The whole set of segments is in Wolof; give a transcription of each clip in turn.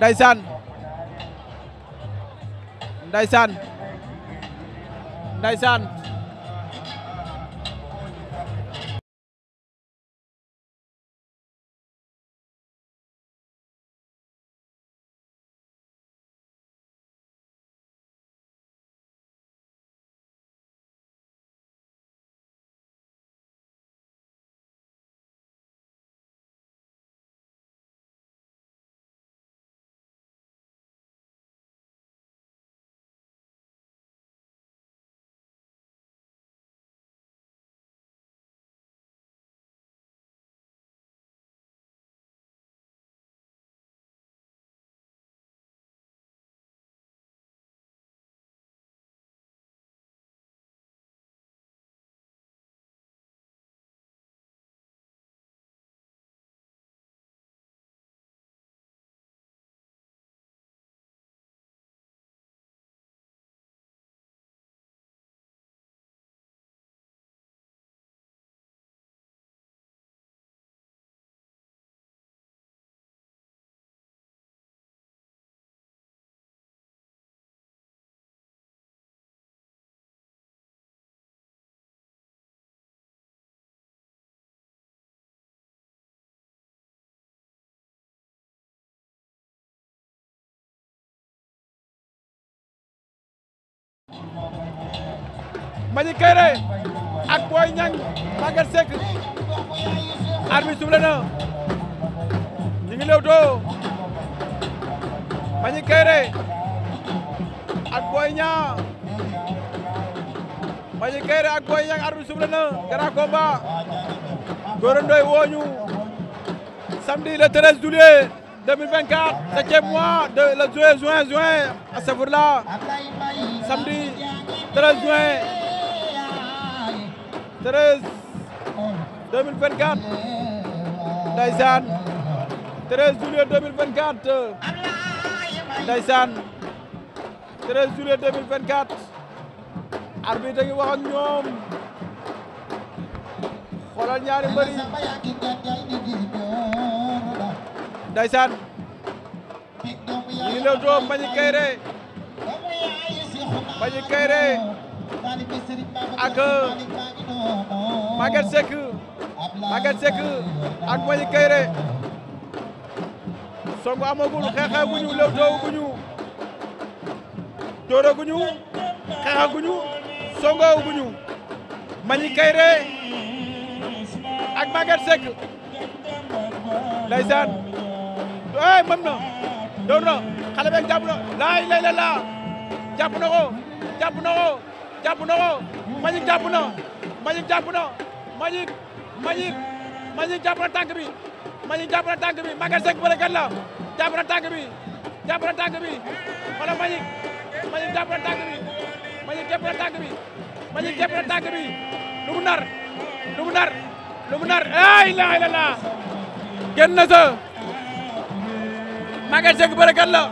Ndeysaan Ndeysaan Ndeysaan Mbagnick Kaïré ak Boy Niang Maguette Seck arbitre soufflé na ñu ngi lewtoo Mbagnick Kaïré ak Boy Niang Mbagnick Kaïré ak Boy Niang arbitre soufflé na grand combat Gora Ndoye wooñu samedi le 13 juillet 2024 septième mois de le juin juin juin à Safourla samedi 13 juin 13 2024 ndeysaan 13 juillet 2024 ndeysaan 13 juillet 2024 arbitre ngi wax ak ñoom xoolal ñaari mbëri ndeysaan ñu ngi lew too Mbagnick Kaïré Mbagnick Kairé ak Maguette Seck Maguette Seck ak Mbagnick Kairé songu amagul xeexee gu ñu lew toowu ñu dooro gu ñu xeexee gu ñu songoowu gu ñu Mbagnick Kairé ak Maguette Seck ndeysaan na doon na xale beeg na laay la laa na ko jàpp na ko jàpp na ko Mbagnick jàpp na Mbagnick jàpp na Mbagnick Mbagnick Mbagnick jàpp na tànk bi Mbagnick jàpp na tànk bi Maguette Seck bëre kat la jàpp na tànk bi jàpp na tànk bi wala Mbagnick Mbagnick jàpp na tànk bi Mbagnick jàpp na tànk bi Mbagnick jàpp na tànk bi lu mu nar lu mu nar lu mu nar ay la la la génn na sa Maguette Seck bëre kat la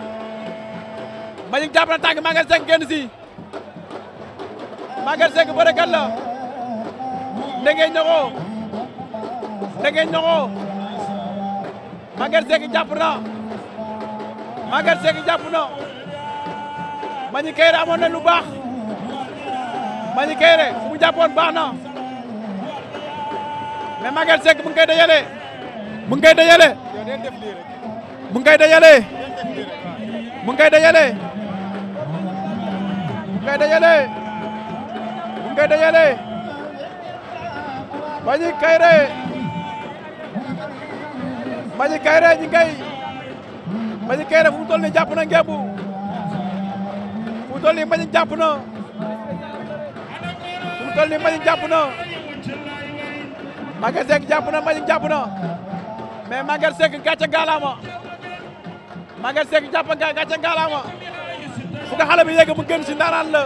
Mbagnick jàpp na tànk Maguette Seck génn si Maguette Seck bërëkat la dégg nga ñoxo dégg nga ñoxo Maguette Seck jàpp na Maguette Seck jàpp na Mbagnick Kaïré amoon na lu baax Mbagnick Kaïré fu mu jàppoon baax na mais Maguette Seck mu ngi koy dajale mu ngi koy dajale mu ngi koy dajale mu ngi koy dajale mu ngi koy dajale koy dajale Mbagnick Kaïré Mbagnick Kaïré ñu ngi koy Mbagnick Kaïré fu mu toll nii jàpp na ngembu fu mu toll nii Mbagnick jàpp na fu mu toll nii Mbagnick jàpp na Maguette Seck jàpp na Mbagnick jàpp na mais Maguette Seck gàcce gaalaama Maguette Seck jàpp na gàcce gaalaama fu nga xale bi yegg mu gëm si ndaaraan la.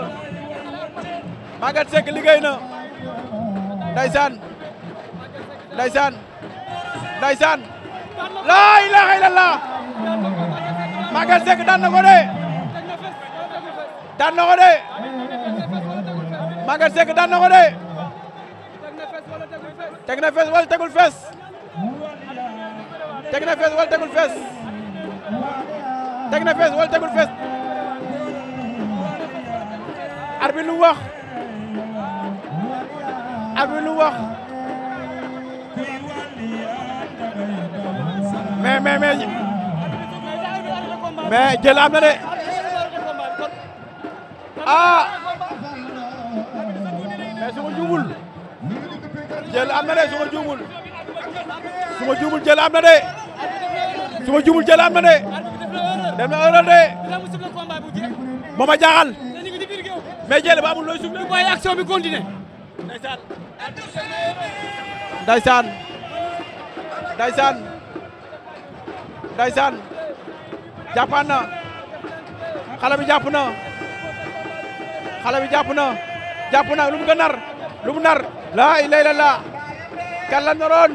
Maguette Seck liggéey na ndeysaan ndeysaan ndeysaan laa ilaaha illallah Maguette Seck daan na ko de daan na ko de Maguette Seck daan na ko de na fees wala tegul fees teg na fees wala tegul fees teg na fees wala tegul fees arbi lu wax ak lu wax mais mais mais mais jël am na de ah mais su ma juumul jël am na de su ma juumul su jël am na de su ma jël am na de dem na heure de moo ma jël ba amul looy suuf de. waaye action bi ndeysaan ndeysaan ndeysaan ndeysaan jàppaan na xale bi jàpp na xale bi jàpp na jàpp na lu mu ko nar lu mu nar laa ilaaha illallaah kan la naroon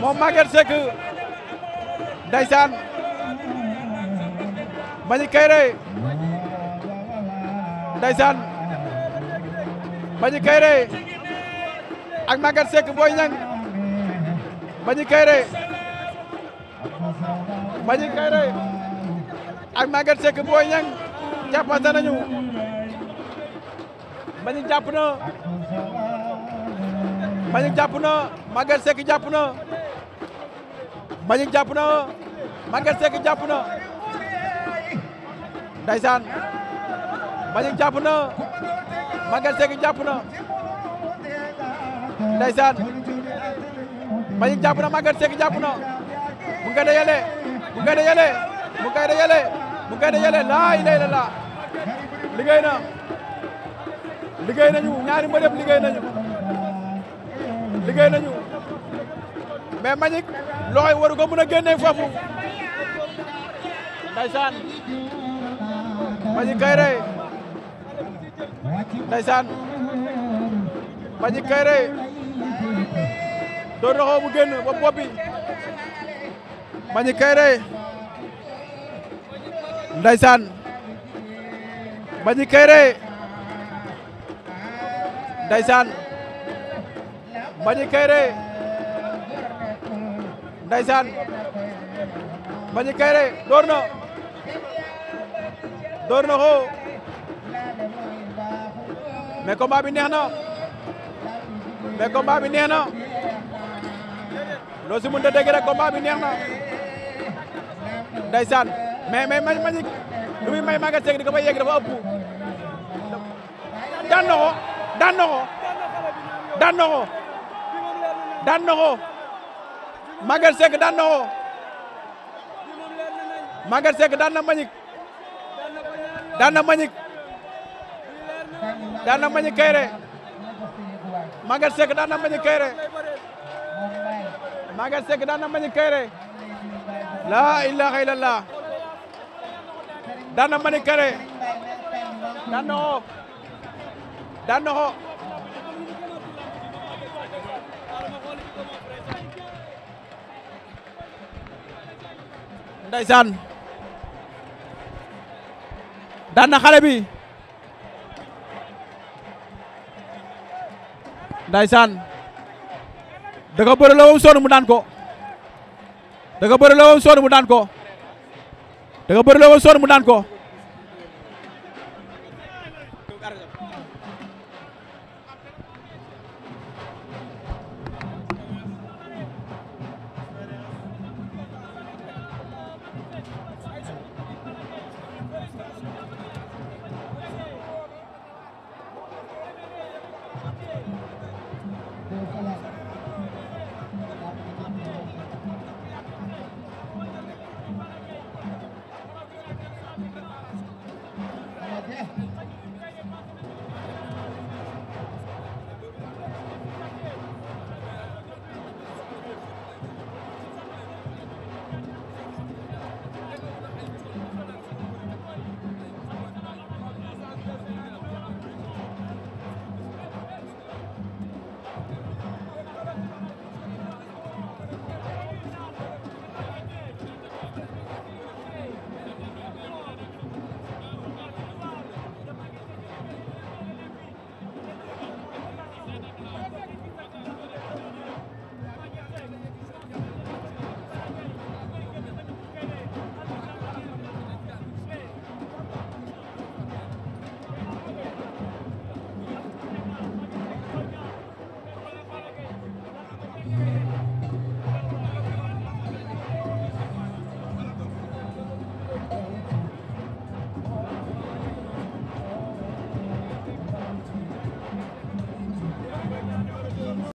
moom Maguette Seck ndeysaan Mbagnick Kaïré ndeysaan Mbagnick Kaïré ak Maguette Seck Boy Niang Mbagnick Kaïré Mbagnick Kaïré ak Maguette Seck Boy Niang jàppante nañu Mbagnick jàpp na Mbagnick jàpp na Maguette Seck jàpp na Mbagnick jàpp na Maguette Seck jàpp na jàpp na Maguette Sèye jàpp na ndeysaan Mbagnick jàpp na Maguette Sèye jàpp na mu ngi koy dajale mu ngi koy dajale mu ngi koy dajale mu ngi koy dajale laa ilaaha liggéey na liggéey liggéey nañu liggéey nañu mais Mbagnick loxoy waru ko mën a génne foofu ndeysaan Mbagnick Kaïré ndeysaan Mbagnick Kaïré door na xoo mu génn ba bopp bi Mbagnick Kaïré ndeysaan Mbagnick Kaïré ndeysaan Mbagnick Kaïré ndeysaan Mbagnick Kaïré door na door na xoo mais combat bi neex na mais combat bi neex na loo si mën a dégg bi neex na ndeysaan mais mais Magic lu muy may Maguette Sèye di ko fay yegg dafa ëpp daan na ko daan na ko daan na ko daan na na ko Maguette na Magic daan na kayre Kaïré Maguette Seck daan na Mbagnick Kaïré Maguette Seck daan na Mbagnick Kaïré laa ilaaha illallah daan na Mbagnick Kaïré daan na xoo daan na xoo ndeysaan xale bi ndaysaan da nga bëre la woon sonn mu daan ko da nga bëre la woon mu daan ko da nga bëre mu daan ko Thank you.